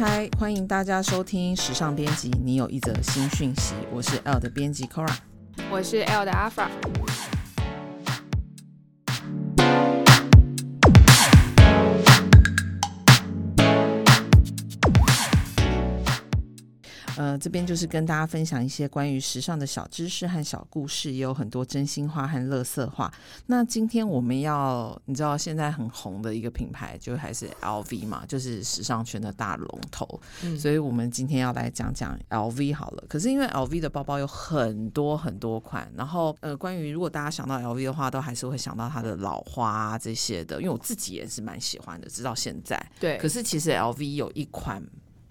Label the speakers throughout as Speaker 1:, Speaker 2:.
Speaker 1: 嗨，歡迎大家收聽時尚編輯，你有一則新訊息，我是 ELLE 的編輯 Kora，
Speaker 2: 我是 ELLE 的 Afra。
Speaker 1: 呃，這邊就是跟大家分享一些關於時尚的小知識和小故事，也有很多真心話和垃圾話。那今天我們要，你知道現在很紅的一個品牌就還是 LV 嘛，就是時尚圈的大龍頭。嗯。所以我們今天要來講講 LV 好了。可是因為 LV 的包包有很多很多款，然後呃，關於如果大家想到 LV 的話，都還是會想到它的老花啊，這些的，因為我自己也是蠻喜歡的，直到現在。對，可是其實 LV 有一款。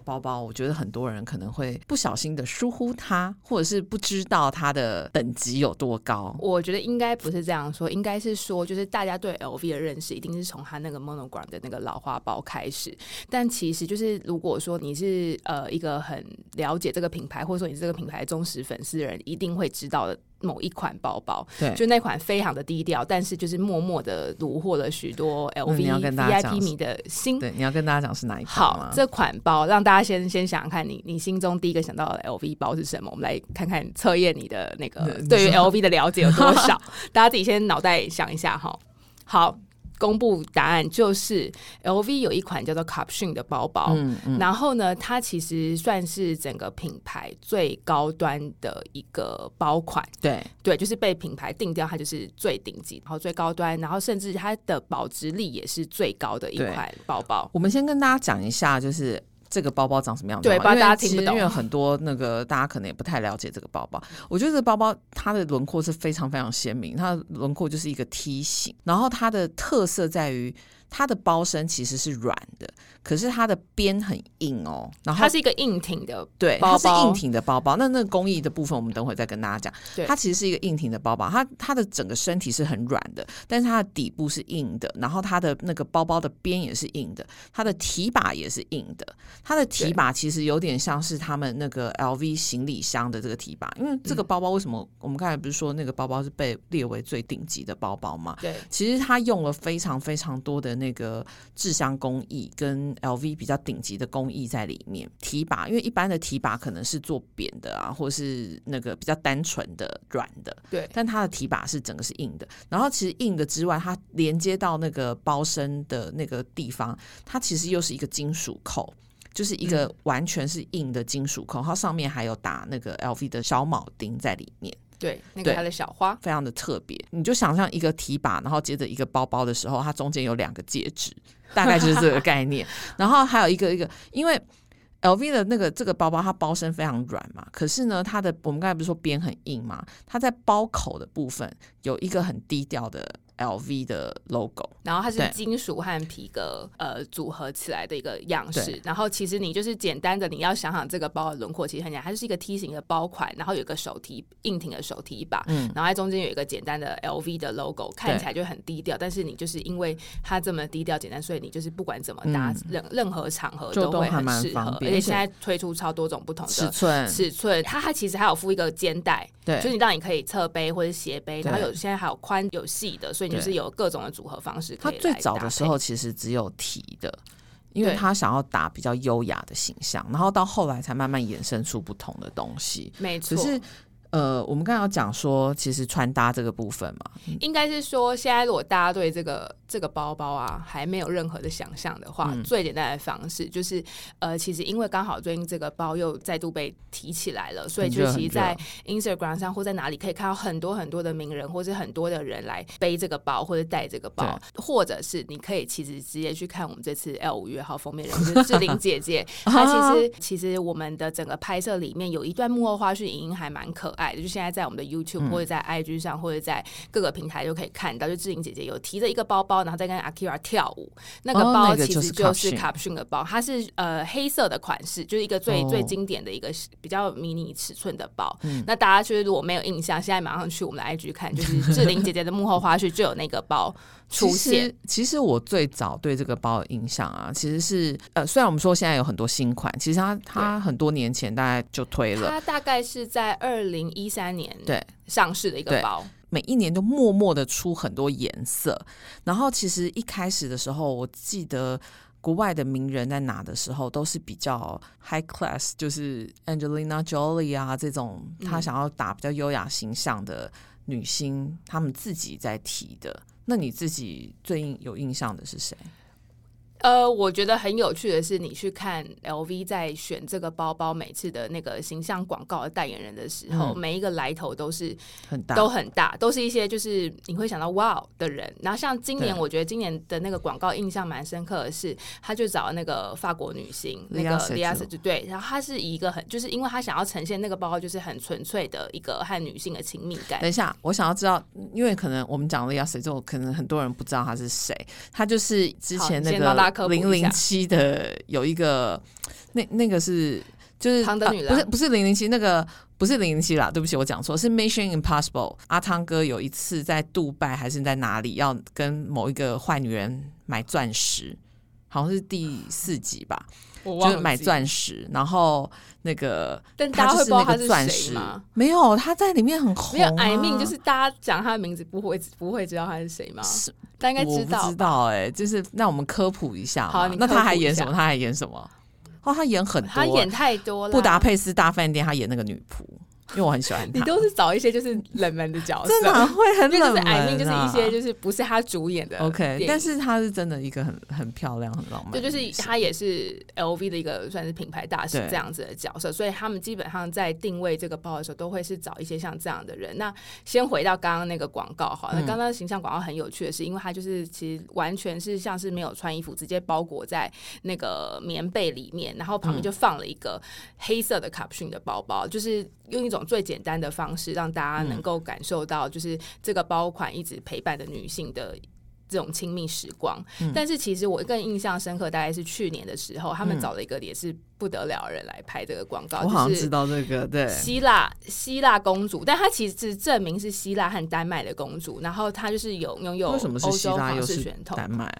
Speaker 1: 包包，我覺得很多人可能會不小心的疏忽它，或者是不知道它的等級有多高。我
Speaker 2: 覺得應該不是這樣說，應該是說，就是大家對 LV 的認識一定是從它那個 monogram 的那個老花包開始。但其實，就是如果說你是呃一個很了解這個品牌，或者說你是這個品牌忠實粉絲的人，一定會知道的。某一款包包，對，就那款非常的低調，但是就是默默的擄獲了許多 LV VIP 迷的心。對，
Speaker 1: 你要跟大家講是哪一款？好，這
Speaker 2: 款包讓大家先先想想看你你心中第一個想到的 LV 包是什麼？我們來看看測驗你的那個對於 LV 的了解有多少。 大家自己先腦袋想一下哈。好。公布答案就是，L V 有一款叫做 Capucines 的包包，嗯嗯，然後呢，它其實算是整個品牌最高端的一個包款。對對，就是被品牌定掉，它就是最頂級，然後最高端，然後甚至它的保值力也是最高的一款包包。
Speaker 1: 我們先跟大家講一下，就是。這個包包長什麼樣子？其實因，因為很多那個大家可能也不太了解這個包包。我覺得這個包包它的輪廓是非常非常鮮明，它的輪廓就是一個梯形，然後它的特色在於。它的包身其實是軟的，可是它的邊很硬哦、喔。然後它是
Speaker 2: 一個硬挺的包包，對，它是硬挺
Speaker 1: 的包包。那那個工藝的部分，我們等會再跟大家講。它其實是一個硬挺的包包，它它的整個身體是很軟的，但是它的底部是硬的，然後它的那個包包的邊也,也是硬的，它的提把也是硬的。它的提把其實有點像是他們那個 LV 行李箱的這個提把，因為這個包包為什麼、嗯、我們剛才不是說那個包包是被列為最頂級的包包嗎？對，其實它用了非常非常多的。那個製箱工藝跟 LV 比較頂級的工藝在裡面，提把，因為一般的提把可能是做扁的啊，或是那個比較單純的軟的，對，但它的提把是整個是硬的。然後其實硬的之外，它連接到那個包身的那個地方，它其實又是一個金屬扣，就是一個完全是硬的金屬扣，它、嗯、上面還有打那個 LV 的小鉚釘在裡面。
Speaker 2: 對，那個它的
Speaker 1: 小花非常的特別，你就想象一個提把，然後接着一個包包的時候，它中間有兩個戒指，大概就是這個概念。 然後還有一個一個，因為 LV 的那個這個包包，它包身非常軟嘛，可是呢，它的我們剛才不是說邊很硬嘛，它在包口的部分有一個很低調的。L V 的 logo，
Speaker 2: 然後它是金屬和皮革呃組合起來的一個樣式。然後其實你就是簡單的，你要想想這個包的輪廓其實很簡單，它就是一個梯形的包款，然後有一個手提硬挺的手提把，嗯，然後中間有一個簡單的 L V 的 logo，看起來就很低調。但是你就是因為它這麼低調簡單，所以你就是不管怎麼搭，任、嗯、任何場合都會很適合。而且現在推出超多種不同的尺寸，尺寸它還其實還有附一個肩帶，對，就是當你可以側背或者斜背。然後有現在還有寬有細的，所以就是有各種的組合方式，對對。他最早
Speaker 1: 的時候其實只有提的，因為他想要打比較優雅的形象，然後到後來才慢慢衍生出不同的東西。沒錯，可是，呃，我們剛有講說，其實穿搭這個部分嘛，嗯、
Speaker 2: 應該是說現在如果大家對這個。這個包包啊，還沒有任何的想象的話，嗯，最簡單的方式就是，呃，其實因為剛好最近這個包又再度被提起來了，所以就其實在 Instagram 上或在哪裡可以看到很多很多的名人或是很多的人來背這個包或者帶這個包，或者是你可以其實直接去看我們這次 ELLE 五月號封面人就是志玲姐姐，她 其實、啊，其實我們的整個拍攝裡面有一段幕後花絮，影音還蠻可愛的，就現在在我們的 YouTube 或者在 IG 上或者在各個平台都可以看到，嗯，就志玲姐姐有提着一個包包。然後再跟 Akira 跳舞，哦、那個包其實就是卡普遜的包，它是呃黑色的款式，就是一個最、哦、最經典的一個比較迷你尺寸的包，嗯。那大家就是如果沒有印象，現在馬上去我們的 IG 看，就是志玲姐姐的幕後花絮就有那個包出現。 其
Speaker 1: 實，其實我最早對這個包的印象啊，其實是呃雖然我們說現在有很多新款，其實它它很多年前大概就推了，它
Speaker 2: 大概是在二零一三年對上市的一個包。
Speaker 1: 每一年都默默的出很多顏色，然後其實一開始的時候，我記得國外的名人在拿的時候，都是比較 high class，就是 Angelina Jolie 啊這種，她想要打比較優雅形象的女星，他、嗯、們自己在提的。那你自己最印有印象的是誰？
Speaker 2: 呃，我覺得很有趣的是，你去看 LV 在選這個包包每次的那個形象廣告的代言人的時候，嗯、每一個來頭都是很大都很大，都是一些就是你會想到哇、wow、的人。然後像今年，我覺得今年的那個廣告印象蠻深刻的是，他就找那個法國女星那個蕾雅瑟杜，就對。然後他是一個很，就是因為他想要呈現那個包包，就是很純粹的一個和女性的親密感。等一下，我
Speaker 1: 想要知道，因為可能我們講了蕾雅瑟杜之後，可能很多人不知道他是誰？他就是之前那個。零零七的有一個，那那個是就是、啊、不是不是零零七，那個不是零零七啦，對不起，我講錯，是《Mission Impossible》阿湯哥有一次在杜拜還是在哪裡要跟某一個壞女人買鑽石，好像是第四集吧，我
Speaker 2: 忘了，就是買鑽
Speaker 1: 石，然後。那個，但大家會知道他是誰嗎？沒有，他在裡面很紅、啊。沒有，哎，命就是
Speaker 2: 大家講他的名字不會不會知道他是誰嗎？是，大家應該知道。知
Speaker 1: 道哎、欸，就是讓我們科普一下。好下，那他還演什麼？他還演什麼？哦，他演很多，他演太多了。《布達佩斯大飯店》，他演那個女僕。因為我很喜歡他 你
Speaker 2: 都是找一些就是冷門的角色， 真的、啊、會很冷門、啊，就是，I mean 就是一些就是不是他主演的。OK，但是
Speaker 1: 他是真的一個很很漂亮、很浪漫。對，就是
Speaker 2: 他也是 LV 的一個算是品牌大使這樣子的角色，所以他們基本上在定位這個包的時候，都會是找一些像這樣的人。那先回到剛剛那個廣告哈、嗯，那剛剛形象廣告很有趣的是，因為他就是其實完全是像是沒有穿衣服，直接包裹在那個棉被裡面，然後旁邊就放了一個黑色的 Capucines 的包包，嗯、就是用一種。最簡單的方式，讓大家能夠感受到，就是這個包款一直陪伴的女性的這種親密時光。嗯、但是，其實我更印象深刻，大概是去年的時候，他們找了一個也是不得了人來拍這個廣告、嗯。就是我好像知
Speaker 1: 道這個，對，希臘
Speaker 2: 希臘公主，但她其實是證明是希臘和丹麥的公主。然後她就是有擁有歐洲皇室血統。為什麼是希臘又是丹麥啊？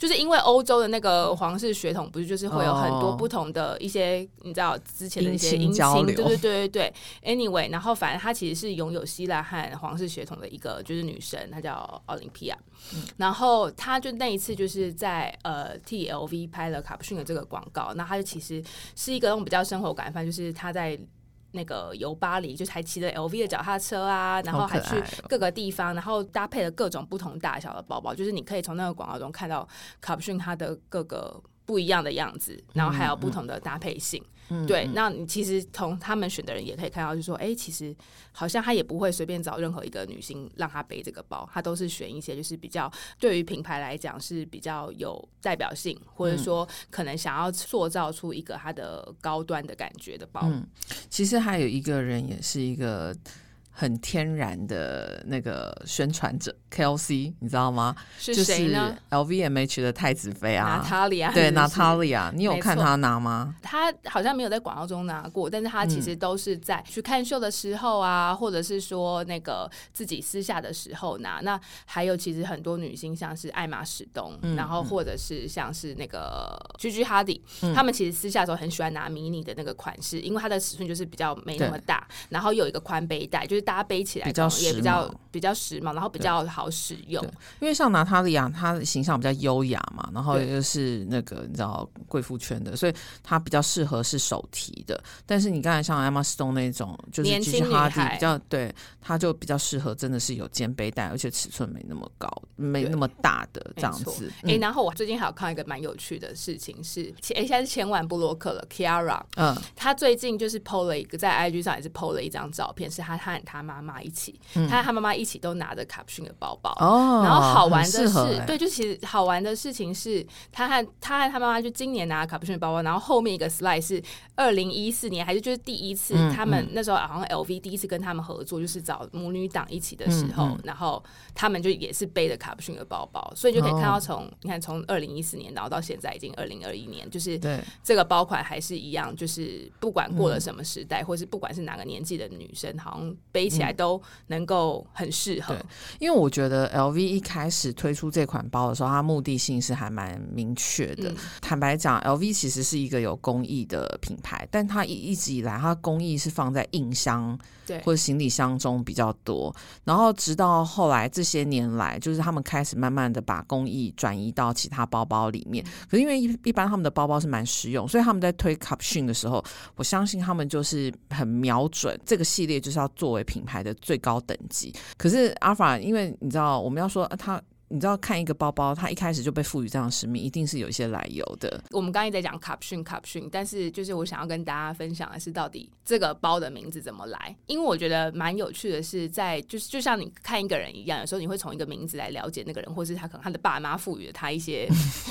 Speaker 2: 就是因為歐洲的那個皇室血統，不是就是會有很多不同的一些，你知道之前的一些姻親，對對對對對。Anyway，然後反正她其實是擁有希臘和皇室血統的一個就是女神，她叫奧林匹亞。然後她就那一次就是在呃 T L V 拍了卡布遜的這個廣告，那她就其實是一個那種比較生活感，反正就是她在。那個遊巴黎，就還騎着 LV 的腳踏車啊，然後還去各個地方，喔，然後搭配了各種不同大小的包包，就是你可以從那個廣告中看到卡布遜他的各個。不一樣的樣子，然後還有不同的搭配性。嗯嗯、對，那你其實從他們選的人也可以看到，就是說，哎、欸，其實好像他也不會隨便找任何一個女性讓她背這個包，他都是選一些就是比較對於品牌來講是比較有代表性，或者說可能想要塑造出一個它的高端的感覺的包、嗯。
Speaker 1: 其實還有一個人也是一個。很天然的那個宣傳者 KOC，你知道嗎？是誰呢？就是 LVMH 的太子妃啊，娜塔莉亞。對，娜塔莉亞，你有看她拿嗎？
Speaker 2: 她好像沒有在廣告中拿過，但是她其實都是在去看秀的時候啊，或者是說那個自己私下的時候拿。那還有，其實很多女星，像是艾瑪史東、嗯，然後或者是像是那個 Gigi Hadid，他們其實私下的時候很喜歡拿 mini 的那個款式，嗯、因為它的尺寸就是比較沒那麼大，然後有一個寬背帶，就是。大家背起來也比較比。比較時髦，然後比較好使用。
Speaker 1: 因為像娜塔莉亞，她的形象比較優雅嘛，然後又是那個你知道貴婦圈的，所以她比較適合是手提的。但是你剛才像艾瑪 n e 那種，就是、GG、年輕女孩、Hardy、比較，對，她就比較適合真的是有肩背帶，而且尺寸沒那麼高，沒那麼大的這樣子。哎、嗯欸，
Speaker 2: 然後我最近還有看一個蠻有趣的事情是，哎、欸，現在是千萬布洛克了 k i a r a 嗯，她最近就是 PO 了一個在 IG 上也是 PO 了一張照片，是她和她媽媽一起、嗯，她和她媽媽。一起都拿着卡布遜的包包、哦，然後好玩的是，對，就其實好玩的事情是，他和他和他媽媽就今年拿了卡布遜的包包，然後後面一個 slide 是二零一四年，還是就是第一次，他們那時候好像 LV 第一次跟他們合作，就是找母女檔一起的時候，嗯嗯、然後他們就也是背着卡布遜的包包，所以就可以看到從、哦、你看從二零一四年，然後到現在已經二零二一年，就是這個包款還是一樣，就是不管過了什麼時代，嗯、或是不管是哪個年紀的女生，好像背起來都能夠很。適合、
Speaker 1: 哦，因為我覺得 L V 一開始推出這款包的時候，它目的性是還蠻明確的、嗯。坦白講，L V 其實是一個有工藝的品牌，但它一一直以來，它工藝是放在硬箱對或者行李箱中比較多。然後直到後來這些年來，就是他們開始慢慢的把工藝轉移到其他包包裡面。嗯、可是因為一一般他們的包包是蠻實用，所以他們在推 Capucines 的時候，我相信他們就是很瞄準這個系列就是要作為品牌的最高等級。可是阿爾法，因為你知道，我們要說他。你知道看一個包包，它一開始就被賦予這樣的使命，一定是有一些來由的。
Speaker 2: 我們剛才在講卡普遜、卡普遜，但是就是我想要跟大家分享的是，到底這個包的名字怎麼來？因為我覺得蠻有趣的，是在就是就像你看一個人一樣，有時候你會從一個名字來了解那個人，或是他可能他的爸媽賦予了他一些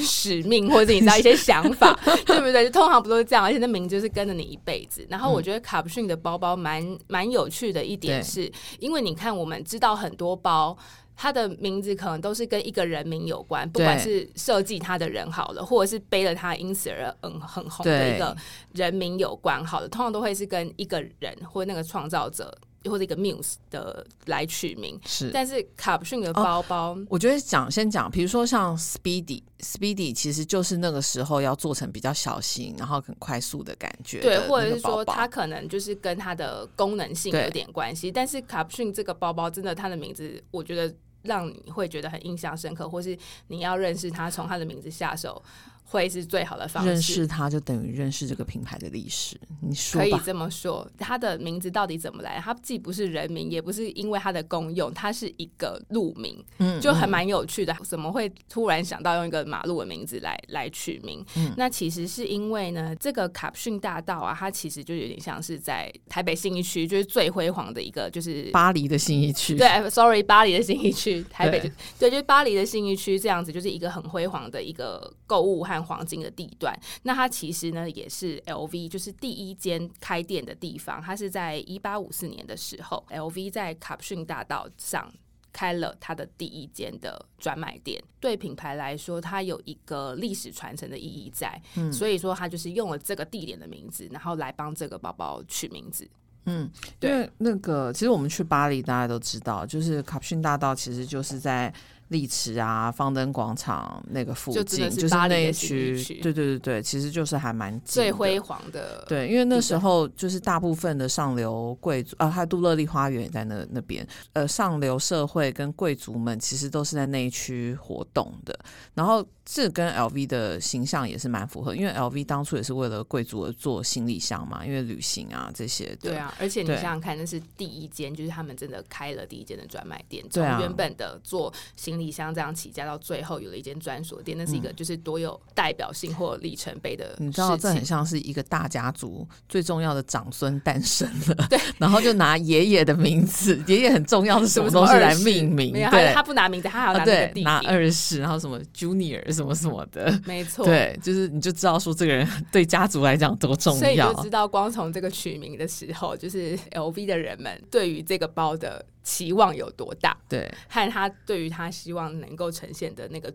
Speaker 2: 使命， 或者你知道一些想法， 對不對？就通常不都是這樣？而且那名字就是跟着你一輩子。然後我覺得卡普遜的包包蠻蠻、嗯、有趣的一點是，是因為你看我們知道很多包。他的名字可能都是跟一個人名有關，不管是設計他的人好了，或者是背了他因此而嗯很紅的一個人名有關，好的，通常都會是跟一個人或那個創造者或者一個 muse 的來取名。是，但是卡布遜的包包，哦，我
Speaker 1: 覺得講先講，比如說像 Speedy，Speedy Speedy 其實就是那個時候要做成比較小型，然後很快速的感覺的包包。對，或者是說它可
Speaker 2: 能就是跟它的功能性有點關係。但是卡布遜這個包包，真的它的名字，我覺得。讓你會覺得很印象深刻，或是你要認識他，從他的名字下手。會是最好的方式。認識它
Speaker 1: 就等於認識這個品牌的歷史。你說。可以這
Speaker 2: 麼說，它的名字到底怎麼來？它既不是人名，也不是因為它的功用，它是一個路名，嗯，就還蠻有趣的，嗯。怎麼會突然想到用一個馬路的名字來來取名？嗯，那其實是因為呢，這個卡普遜大道啊，它其實就有點像是在台北信義區，就是最輝煌的一個，就是巴
Speaker 1: 黎的信義區。對，I'm
Speaker 2: sorry，巴黎的信義區，台北對，對，就是巴黎的信義區這樣子，就是一個很輝煌的一個購物哈。黃金的地段，那它其實呢也是 LV，就是第一間開店的地方。它是在一八五四年的時候，LV 在卡普遜大道上開了它的第一間的專賣店。對品牌來說，它有一個歷史傳承的意義在，嗯，所以說它就是用了這個地點的名字，然後來幫這個包包取名字。
Speaker 1: 嗯，對，那個其實我們去巴黎，大家都知道，就是卡普遜大道，其實就是在。麗池啊，方登廣場那個附近，就，是，就是那一區，對對對對，其實就是還蠻最
Speaker 2: 輝煌的，
Speaker 1: 對，因為那時候就是大部分的上流貴族啊，還、呃、有杜樂麗花園也在那那邊，呃，上流社會跟貴族們其實都是在那一區活動的，然後。這跟 LV 的形象也是蠻符合，因為 LV 當初也是為了貴族而做行李箱嘛，因為旅行啊這些。對啊，而且你想想
Speaker 2: 看，那是第一間，就是他們真的開了第一間的專賣店，從原本的做行李箱這樣起家，加到最後有了一間專屬店，啊，那是一個就是多有代表性或里程碑的。嗯，你知道，啊，這很
Speaker 1: 像是一個大家族最重要的長孫誕生了，對，然後就拿爺爺的名字，爺爺很重要是什麼東西來命名，對，對沒有，他不
Speaker 2: 拿名字，他還要拿個、啊，對
Speaker 1: 拿二世然後什麼 Junior。什麼什麼的，沒
Speaker 2: 錯，對，就
Speaker 1: 是你就知道說，這個人對家族來講多重要，所以你就知
Speaker 2: 道光從這個取名的時候，就是 LV 的人們對於這個包的期望有多大，對，和他對於他希望能夠呈現的那個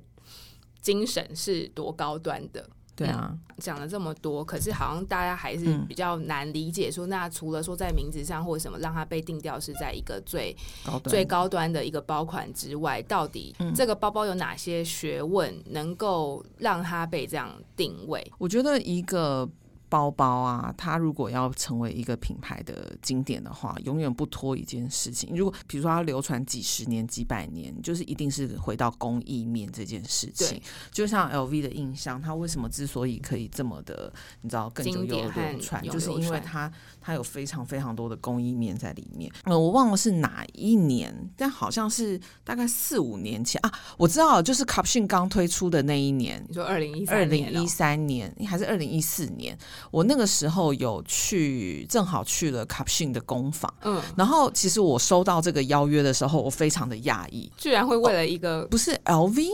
Speaker 2: 精神是多高端的。對啊、嗯，講了這麼多，可是好像大家還是比較難理解說。說、嗯、那除了說在名字上或者什麼讓它被定調是在一個最高最高端的一個包款之外，到底這個包包有哪些學問能夠讓它被這樣定位？
Speaker 1: 嗯、我覺得一個。包包啊，它如果要成為一個品牌的經典的話，永遠不脫一件事情。如果比如說它流傳幾十年、幾百年，就是一定是回到工藝面這件事情。對，就像 LV 的印象，它為什麼之所以可以這麼的，你知道，更有流傳，就是因為它。它有非常非常多的工藝面在裡面，嗯，我忘了是哪一年，但好像是大概四五年前啊。我知道，就是卡普遜剛推出的那一年，你
Speaker 2: 說二零一
Speaker 1: 三年，二零一三年還是二零一四年？我那個時候有去，正好去了卡普遜的工坊，嗯，然後其實我收到這個邀約的時候，我非常的訝異，
Speaker 2: 居然會為了一個、哦、不
Speaker 1: 是 LV，LV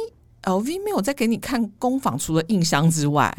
Speaker 1: LV 沒有在給你看工坊，除了硬箱之外、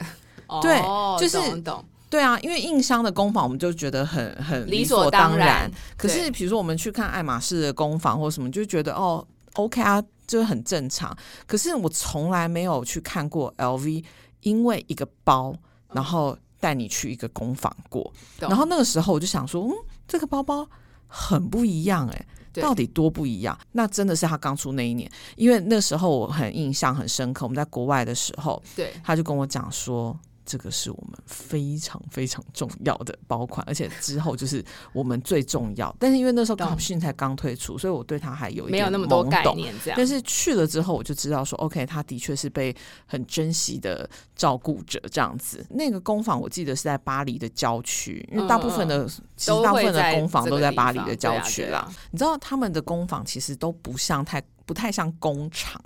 Speaker 1: 哦，
Speaker 2: 對，就是。懂懂
Speaker 1: 對啊，因為硬箱的工坊我們就覺得很很理所、理所當然。可是，比如說我們去看愛馬仕的工坊或什麼，就覺得哦，OK 啊，就是很正常。可是我從來沒有去看過 LV，因為一個包，然後帶你去一個工坊過。嗯、然後那個時候我就想說，嗯，這個包包很不一樣哎、欸，到底多不一樣？那真的是他剛出那一年，因為那時候我很印象很深刻。我們在國外的時候，對，他就跟我講說。這個是我們非常非常重要的包款，而且之後就是我們最重要但是因為那時候 Capucines 才剛推出，所以我對他還有一點懵懂沒有那麼多概念這樣。但是去了之後，我就知道說，OK，他的確是被很珍惜的照顧着這樣子。那個工坊我記得是在巴黎的郊區，因為大部分的嗯嗯其實大部分的工坊都在巴黎的郊區啦。啊啊、你知道他們的工坊其實都不像太不太像工廠，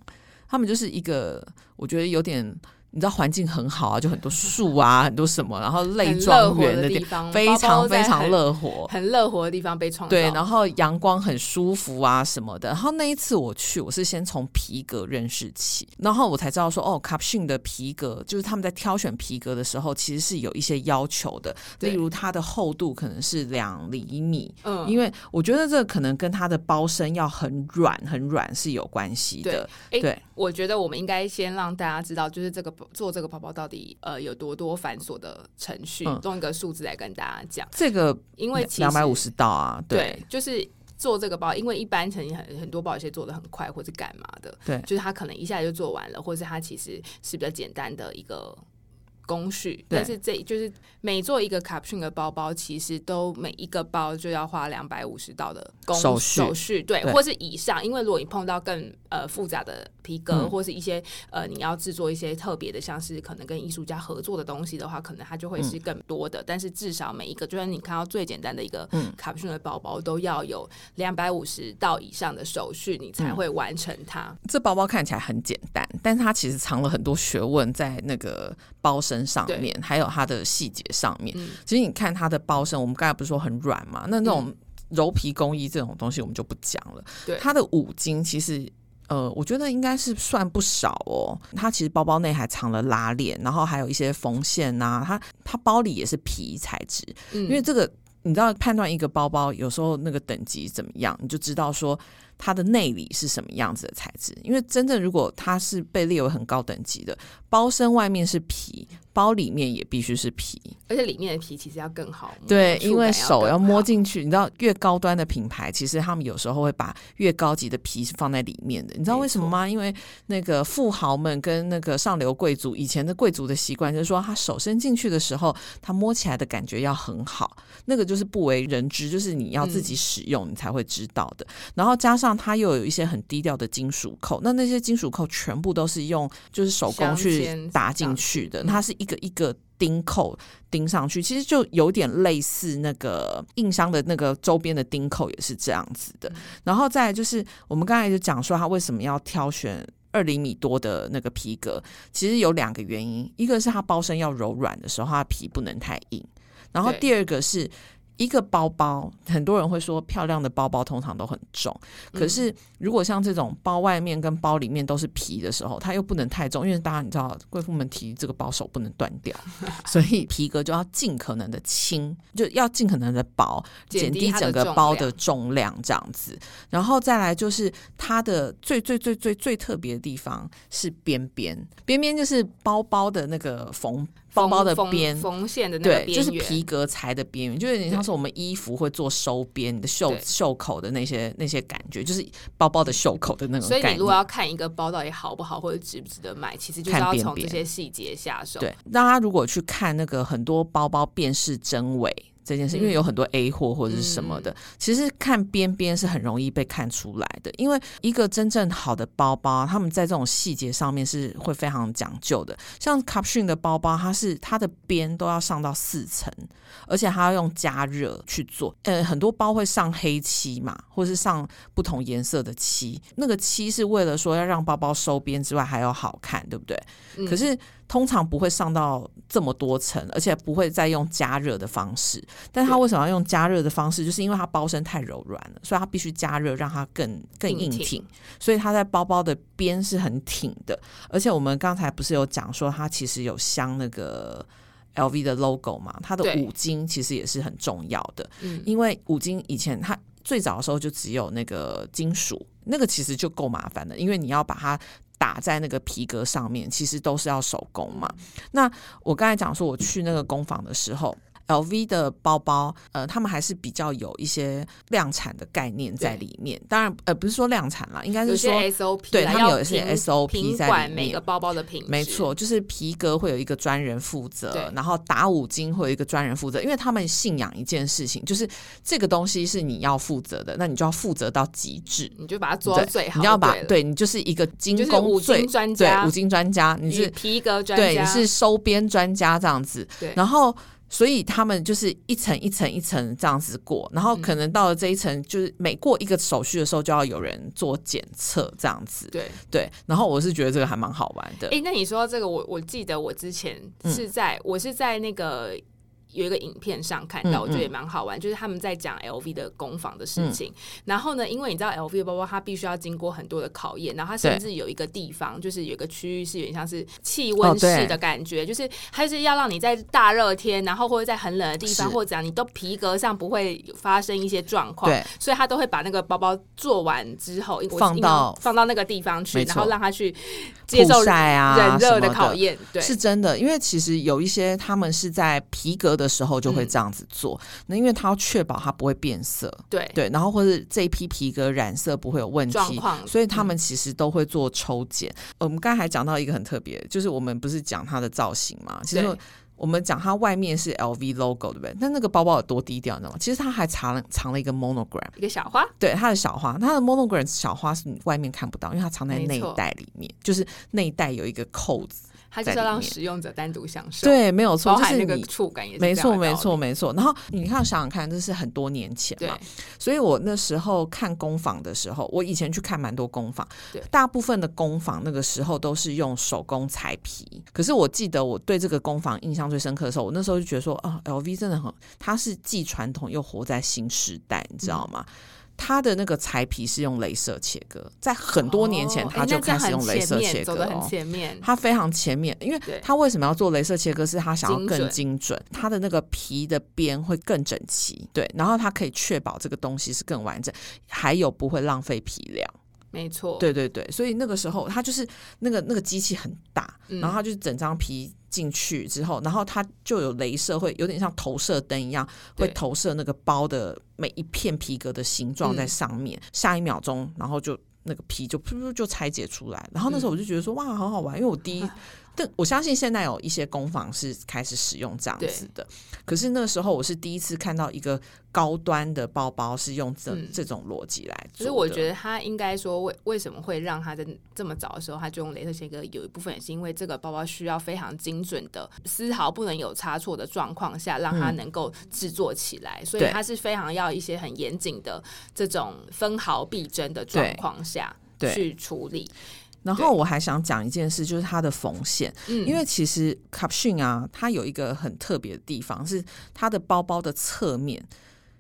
Speaker 1: 他們就是一個我覺得有點。你知道環境很好啊，就很多樹啊， 很多什麼，然後類莊園的的地方，非常非常樂活，很
Speaker 2: 樂活的地方被創造。對，然
Speaker 1: 後陽光很舒服啊，什麼的，嗯。然後那一次我去，我是先從皮革認識起，然後我才知道說，哦，卡普遜的皮革就是他們在挑選皮革的時候，其實是有一些要求的，例如它的厚度可能是兩釐米，嗯，因為我覺得這可能跟它的包身要很軟很軟是有關係的對對，欸。對，
Speaker 2: 我覺得我們應該先讓大家知道，就是這個。做這個包包到底呃有多多繁瑣的程序？嗯、用一個數字來跟大家講，這個250、啊、因為兩百五十
Speaker 1: 道啊，對，
Speaker 2: 就是做這個包，因為一般曾經很很多包一些做得很快，或是幹嘛的，對，就是他可能一下就做完了，或者是他其實是比較簡單的一個。工序，但是這就是每做一個卡普遜的包包，其實都每一個包就要花兩百五十道的工手續，手續對，對，或是以上。因為如果你碰到更呃複雜的皮革，嗯、或是一些呃你要制作一些特別的，像是可能跟藝術家合作的東西的話，可能它就會是更多的、嗯。但是至少每一個，就算你看到最簡單的一個卡普遜的包包，嗯、都要有兩百五十道以上的手續，你才會完成它、嗯。
Speaker 1: 這包包看起來很簡單，但是它其實藏了很多學問在那個包身上。身上面還有它的細節上面、嗯，其實你看它的包身，我們剛才不是說很軟嘛？那那種柔皮工藝這種東西，我們就不講了、嗯。它的五金其實，呃，我覺得應該是算不少哦。它其實包包內還藏了拉鏈，然後還有一些縫線吶、啊。它它包裡也是皮材質，嗯、因為這個你知道判斷一個包包有時候那個等級怎麼樣，你就知道說它的內裡是什麼樣子的材質。因為真正如果它是被列為很高等級的，包身外面是皮。包裡面也必須是皮。
Speaker 2: 而且裡面的皮其實要更好，對，因為手要
Speaker 1: 摸進去，你知道，越高端的品牌，其實他們有時候會把越高級的皮放在裡面的，你知道為什麼嗎？因為那個富豪們跟那個上流貴族，以前的貴族的習慣就是說，他手伸進去的時候，他摸起來的感覺要很好，那個就是不為人知，就是你要自己使用你才會知道的。嗯，然後加上它又有一些很低調的金屬扣，那那些金屬扣全部都是用就是手工去打進去的，它是一個一個。釘扣釘上去，其實就有點類似那個硬箱的那個周邊的釘扣也是這樣子的。嗯、然後再就是，我們剛才就講說，他為什麼要挑選二釐米多的那個皮革？其實有兩個原因，一個是它包身要柔軟的時候，它皮不能太硬；然後第二個是。一個包包，很多人會說漂亮的包包通常都很重。可是如果像這種包外面跟包裡面都是皮的時候，它又不能太重，因為大家你知道，貴婦們提這個包手不能斷掉， 所以皮革就要盡可能的輕，就要盡可能的薄，減低整個包的重量這樣子。然後再來就是它的最最最最最最特別的地方是邊邊，邊邊就是包包的那個縫。包包的邊縫
Speaker 2: 線的那個邊，就是皮
Speaker 1: 革材的邊緣，就是有點像是我們衣服會做收邊，你的袖袖口的那些那些感覺，就是包包的袖口的那種感覺。所以你如果要
Speaker 2: 看一個包到底好不好，或者值不值得買，其實就是要從這些細節下手邊邊。
Speaker 1: 對，大家如果去看那個很多包包辨識真偽。這件事，因為有很多 A 貨或者是什麼的、嗯，其實看邊邊是很容易被看出來的。因為一個真正好的包包，他們在這種細節上面是會非常講究的。像 Capucines 的包包，它是它的邊都要上到四層，而且它要用加熱去做。呃，很多包會上黑漆嘛，或是上不同顏色的漆，那個漆是為了說要讓包包收邊之外還要好看，對不對？嗯、可是。通常不會上到這麼多層，而且不會再用加熱的方式。但它為什麼要用加熱的方式？就是因為它包身太柔軟了，所以它必須加熱讓它更更硬挺，硬挺。所以它在包包的邊是很挺的。而且我們剛才不是有講說它其實有鑲那個 LV 的 logo 嘛？它的五金其實也是很重要的，因為五金以前它最早的時候就只有那個金屬，那個其實就夠麻煩了，因為你要把它。打在那個皮革上面，其實都是要手工嘛。那我剛才講說，我去那個工坊的時候。LV 的包包，呃，他們還是比較有一些量產的概念在裡面。當然，呃，不是說量產啦，應該是說 S O P，對，他們有些 S O P 在裡面。管每個
Speaker 2: 包包的品質，沒錯，就
Speaker 1: 是皮革會有一個專人負責對，然後打五金會有一個專人負責。因為他們信仰一件事情，就是這個東西是你要負責的，那你就要負責到極致，你就把它做到最好。你要把，對，對你就是一個精工對對五金專家，家，家，你是
Speaker 2: 皮革專家，對，你是
Speaker 1: 收邊專家這樣子。對然後。所以他們就是一層一層一層這樣子過，然後可能到了這一層，就是每過一個手續的時候，就要有人做檢測這樣子。對、嗯、對，然後我是覺得這個還蠻好玩的。哎、欸，
Speaker 2: 那你說到這個，我我記得我之前是在、嗯、我是在那個。有一個影片上看到，嗯嗯我覺得也蠻好玩，就是他們在講 LV 的工坊的事情、嗯。然後呢，因為你知道 LV 的包包，它必須要經過很多的考驗，然後它甚至有一個地方，就是有一個區域是有點像是氣溫室的感覺、哦，就是還是要讓你在大熱天，然後或者在很冷的地方，或者怎樣，你都皮革上不會發生一些狀況，對，所以他都會把那個包包做完之後，放到放到那個地方去，然後讓他去接受曬啊、冷熱的考驗的。對，是
Speaker 1: 真的，因為其實有一些他們是在皮革的。的時候就會這樣子做，那、嗯、因為它要確保它不會變色，對對，然後或是這一批皮革染色不會有問題，所以他們其實都會做抽檢、嗯。我們剛才還講到一個很特別，就是我們不是講它的造型嘛？其實我們講它外面是 LV logo 對不對？但那個包包有多低調，你知道嗎？其實它還藏了藏了一個 monogram 一個小花，對，它的小花，它的 monogram 小花是你外面看不到，因為它藏在內袋裡面，就是內袋有一個扣子。
Speaker 2: 它就是要讓使用者單獨享受，對，沒有錯，就是那個觸感也沒錯，沒錯，
Speaker 1: 沒錯。然後你看，想想看，這是很多年前嘛，對，所以我那時候看工坊的時候，我以前去看蠻多工坊，對，大部分的工坊那個時候都是用手工裁皮。可是我記得我對這個工坊印象最深刻的時候，我那時候就覺得說啊，LV 真的很，它是既傳統又活在新時代，你知道嗎？嗯它的那個裁皮是用鐳射切割，在很多年前它就開始用鐳射切割哦、欸很前面，它非常前面，很前面，因為它為什麼要做鐳射切割？是它想要更精準、精準，它的那個皮的邊會更整齊，對，然後它可以確保這個東西是更完整，還有不會浪費皮料。
Speaker 2: 沒錯，對對對，所
Speaker 1: 以那個時候他就是那個那個機器很大，嗯、然後他就是整張皮進去之後，然後他就有鐳射，會有點像投射燈一樣，會投射那個包的每一片皮革的形狀在上面，嗯、下一秒鐘，然後就那個皮就噗噗就拆解出來，然後那時候我就覺得說、嗯、哇，好好玩，因為我第一。但我相信現在有一些工坊是開始使用這樣子的，可是那時候我是第一次看到一個高端的包包是用這、嗯、這種邏輯來做。所以我覺得
Speaker 2: 他應該說為為什麼會讓他在這麼早的時候他就用鐳射切割，有一部分也是因為這個包包需要非常精準的，絲毫不能有差錯的狀況下讓它能夠製作起來，嗯、所以它是非常要一些很嚴謹的這種分毫必爭的狀況下去處理。
Speaker 1: 然後我還想講一件事，就是它的縫線，因為其實 Capucines 啊，它有一個很特別的地方，是它的包包的側面。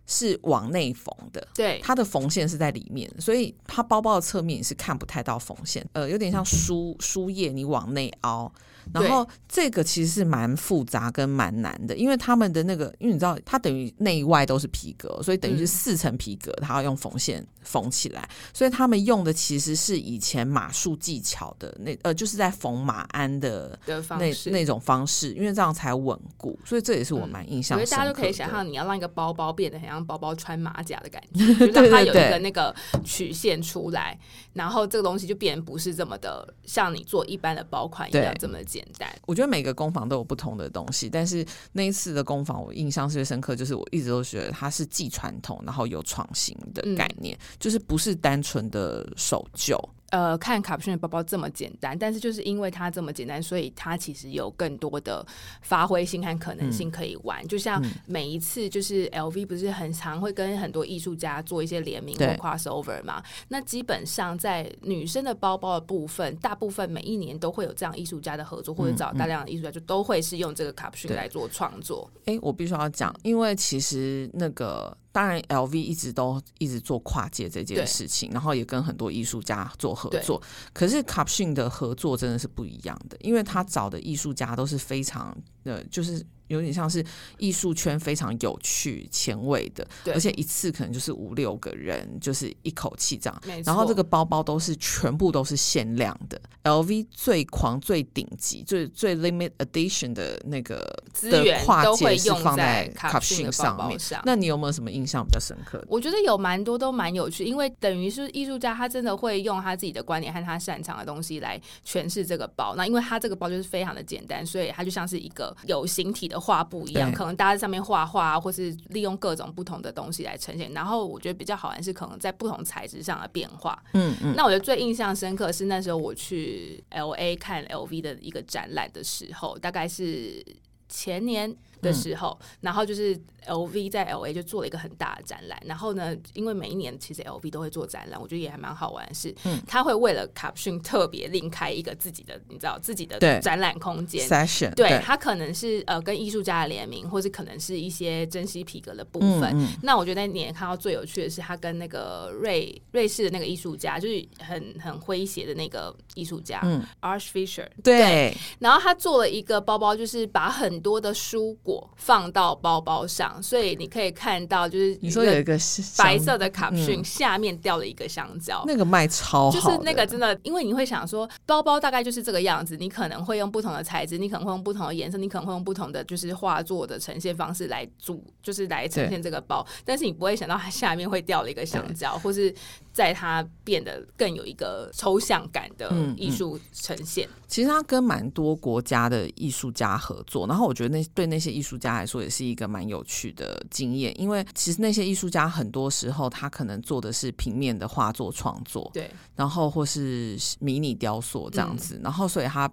Speaker 1: 是往內縫的，對，它的縫線是在裡面，所以它包包的側面也是看不太到縫線，呃，有點像書書頁，你往內凹。然後這個其實是蠻複雜跟蠻難的，因為他們的那個，因為你知道，它等於內外都是皮革，所以等於是四層皮革，它要用縫線縫起來。嗯。所以他們用的其實是以前馬術技巧的那呃，就是在縫馬鞍的那的那，那種方式，因為這樣才穩固。所以這也是我蠻印象的。我覺得大家就可以想象，
Speaker 2: 你要讓一個包包變得很。讓包包穿馬甲的感覺，就讓它有一個那個曲線出來， 對對對，然後這個東西就變不是這麼的像你做一般的包款一樣這麼簡單。
Speaker 1: 我覺得每個工坊都有不同的東西，但是那一次的工坊我印象最深刻，就是我一直都覺得它是既傳統然後有創新的概念，嗯，就是不是單純的守舊。
Speaker 2: 呃，看卡布奇諾的包包這麼簡單，但是就是因為它這麼簡單，所以它其實有更多的發揮性和可能性可以玩。嗯、就像每一次，就是 LV 不是很常會跟很多藝術家做一些聯名或 cross over 嘛？那基本上在女生的包包的部分，大部分每一年都會有這樣藝術家的合作，或者找大量的藝術家，就都會是用這個卡布奇諾來做創作。
Speaker 1: 哎、欸，我必須要講，因為其實那個當然 LV 一直都一直做跨界這件事情，然後也跟很多藝術家做。合作，可是 Capucines 的合作真的是不一樣的，因為他找的藝術家都是非常，呃，就是，有點像是藝術圈非常有趣前、前衛的，對，而且一次可能就是五六個人，就是一口氣這樣。然後這個包包都是全部都是限量的，LV 最狂、最頂級、最最 limit edition 的那個資源都會用在 Capucines 的包包上面。那你有沒有什麼印象比較深刻的？我
Speaker 2: 覺得有蠻多都蠻有趣，因為等於是藝術家他真的會用他自己的觀點和他擅長的東西來詮釋這個包。那因為他這個包就是非常的簡單，所以它就像是一個有形體的包。畫布一樣，可能大家在上面畫畫，或是利用各種不同的東西來呈現。然後我覺得比較好玩是，可能在不同材質上的變化。嗯嗯，那我覺得最印象深刻是那時候我去 L A 看 L V 的一個展覽的時候，大概是前年。的時候，然後就是 L V 在 L A 就做了一個很大的展覽。然後呢，因為每一年其實 L V 都會做展覽，我覺得也還蠻好玩是，嗯，他會為了 Capucines 特別另開一個自己的，你知道自己的展覽空間。對 session 對，對，他可能是呃跟藝術家的聯名，或是可能是一些珍稀皮革的部分。嗯嗯、那我覺得那年看到最有趣的是，他跟那個瑞瑞士的那個藝術家，就是很很詼諧的那個藝術家、嗯、Urs Fischer。對，然後他做了一個包包，就是把很多的蔬果。放到包包上，所以你可以看到，就是你說有一個白色的卡布遜，下面掉了一個香蕉，那
Speaker 1: 個賣超好，就是那
Speaker 2: 個真的，因為你會想說，包包大概就是這個樣子，你可能會用不同的材質，你可能會用不同的顏色，你可能會用不同的就是畫作的呈現方式來組，就是來呈現這個包，但是你不會想到它下面會掉了一個香蕉，嗯、或是在它變得更有一個抽象感的藝術呈現、嗯
Speaker 1: 嗯。其實它跟蠻多國家的藝術家合作，然後我覺得那對那些藝，藝術家來說也是一個蠻有趣的經驗，因為其實那些藝術家很多時候他可能做的是平面的畫作創作，對，然後或是迷你雕塑這樣子，嗯、然後所以他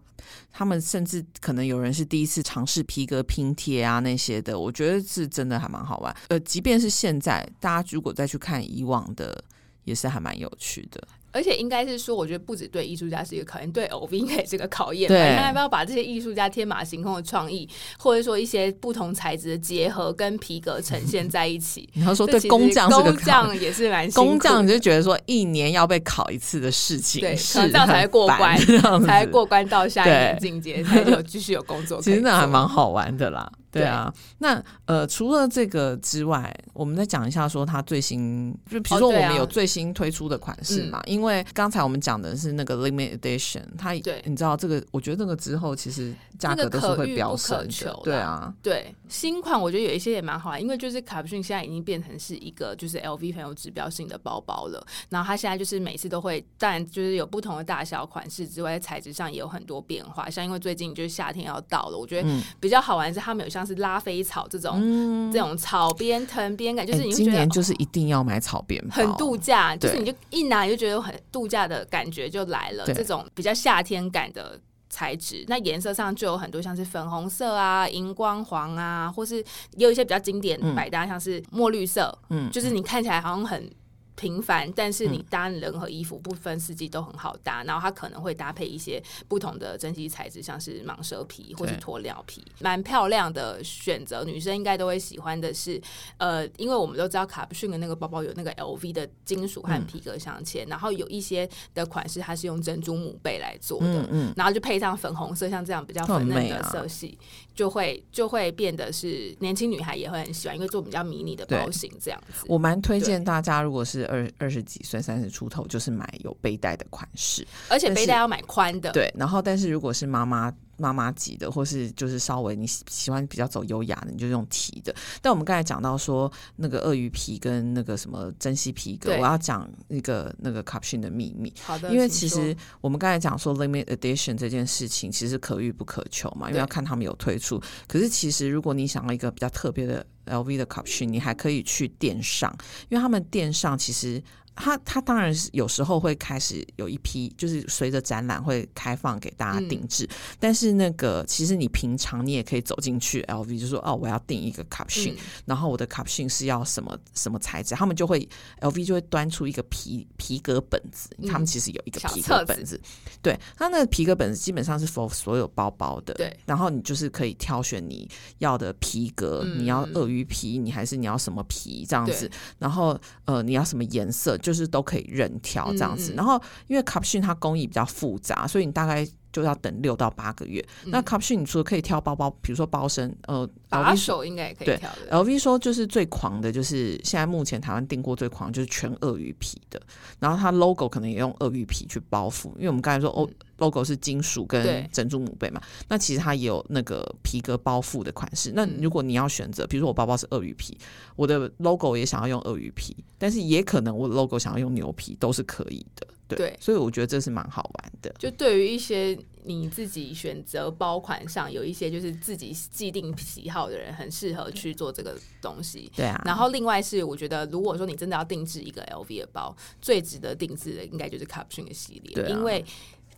Speaker 1: 他們甚至可能有人是第一次嘗試皮革拼貼啊那些的，我覺得是真的還蠻好玩。呃，即便是現在大家如果再去看以往的，也是還蠻有趣的。
Speaker 2: 而且應該是說，我覺得不止對藝術家是一個考驗，對 LV 應該也是個考驗。對，要不要把這些藝術家天馬行空的創意，或者說一些不同材質的結合跟皮革呈現在一起？然、嗯、後說對工匠，工匠也是蠻辛苦的工匠
Speaker 1: 就覺得說一年要被考一次的事情，對，可能這樣才會過關，這 樣才會過關到下一年進
Speaker 2: 階才有繼續有工作。其實那還蠻好
Speaker 1: 玩的啦。對啊，那呃，除了這個之外，我們再講一下說它最新，就比如說我們有最新推出的款式嘛，哦啊嗯、因為剛才我們講的是那個 limited edition 它。對，你知道這個，我覺得這個之後其實價格都是會飆升的，那個可遇不可求啦。對啊，
Speaker 2: 對新款我覺得有一些也蠻好玩，因為就是卡布遜現在已經變成是一個就是 LV 非常有指標性的包包了，然後它現在就是每次都會，當然就是有不同的大小款式之外，在材質上也有很多變化，像因為最近就是夏天要到了，我覺得比較好玩是它沒有像像是拉菲草這種，嗯、這種草編藤編感，就是你今年就
Speaker 1: 是一定要買草編、哦，很度假，就是你
Speaker 2: 就一拿你就覺得很度假的感覺就來了。這種比較夏天感的材質，那顏色上就有很多，像是粉紅色啊、熒光黃啊，或是也有一些比較經典百搭、嗯，像是墨綠色，嗯，就是你看起來好像很平凡，但是你搭你任何衣服，嗯、不分四季都很好搭。然後它可能會搭配一些不同的珍稀材質，像是蟒蛇皮或是鴕鳥皮，蠻漂亮的選擇。女生應該都會喜歡的是，呃，因為我們都知道卡布遜的那個包包有那個 LV 的金屬和皮革鑲嵌，嗯，然後有一些的款式它是用珍珠母貝來做的，嗯嗯，然後就配上粉紅色，像這樣比較粉嫩的色系，啊、就會就會變得是年輕女孩也會很喜歡，因為做比較迷你的包型這樣子。
Speaker 1: 我蠻推薦大家，如果是。二二十幾歲、三十出頭，就是買有背帶的款式，而且背帶要
Speaker 2: 買寬的。對，
Speaker 1: 然後，但是如果是媽媽媽媽級的，或是就是稍微你喜、喜歡比較走優雅的，你就用提的。但我們剛才講到說，那個鱷魚皮跟那個什麼珍稀皮革，我要講一個那個 Capucines 的秘密。好的，因為其實我們剛才講說 limited edition 這件事情，其實可遇不可求嘛，因為要看他們有推出。可是其實，如果你想要一個比較特別的。LV 的款式，你還可以去電商，因為他們電商其實。它它當然是有時候會開始有一批，就是隨着展覽會開放給大家定制。嗯、但是那個其實你平常你也可以走進去，LV 就說哦我要訂一個 Capucines 然後我的 Capucines 是要什麼什麼材質，他們就會 LV 就會端出一個皮皮革本子、嗯，他們其實有一個皮革本子，子對，他那個皮革本子基本上是 for 所有包包的，對。然後你就是可以挑選你要的皮革，嗯、你要鱷魚皮，你還是你要什麼皮這樣子，然後呃你要什麼顏色。就是都可以任挑這樣子，嗯嗯，然後因為 Capucines 它工藝比較複雜，所以你大概。就要等六到八個月。嗯、那 Capshin，除了可以挑包包，比如說包身，呃，LV 手應該也可以挑的。LV 說就是最狂的就是現在目前台灣訂貨最狂就是全鱷魚皮的，然後它 logo 可能也用鱷魚皮去包覆，因為我們剛才說、嗯、哦 logo 是金屬跟珍珠母貝嘛，那其實它也有那個皮革包覆的款式。那如果你要選擇，比如說我包包是鱷魚皮，我的 logo 也想要用鱷魚皮，但是也可能我的 logo 想要用牛皮都是可以的。對，所以我覺得這是蠻好玩的。
Speaker 2: 就對於一些你自己選擇包款上有一些就是自己既定喜好的人，很適合去做這個東西。對啊。然後另外是，我覺得如果說你真的要定制一個 LV 的包，最值得定制的應該就是 Capucines 的系列，對啊、因為。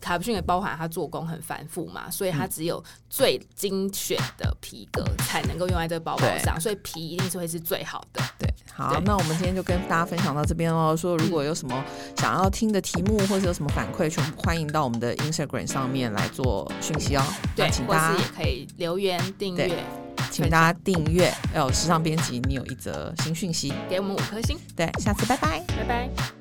Speaker 2: 卡布遜也包含它做工很繁複嘛，所以它只有最精選的皮革才能夠用在這個包包上，所以皮一定是會是最好的。
Speaker 1: 對，好，那我們今天就跟大家分享到這邊哦。說如果有什麼想要聽的題目或者有什麼反饋、嗯，全部歡迎到我們的 Instagram 上面來做訊息哦、喔嗯。對，請大家也
Speaker 2: 可以留言訂閱，請
Speaker 1: 大家訂閱。還有時尚編輯，你有一則新訊息，
Speaker 2: 給我們五顆星。對，下次拜拜，拜拜。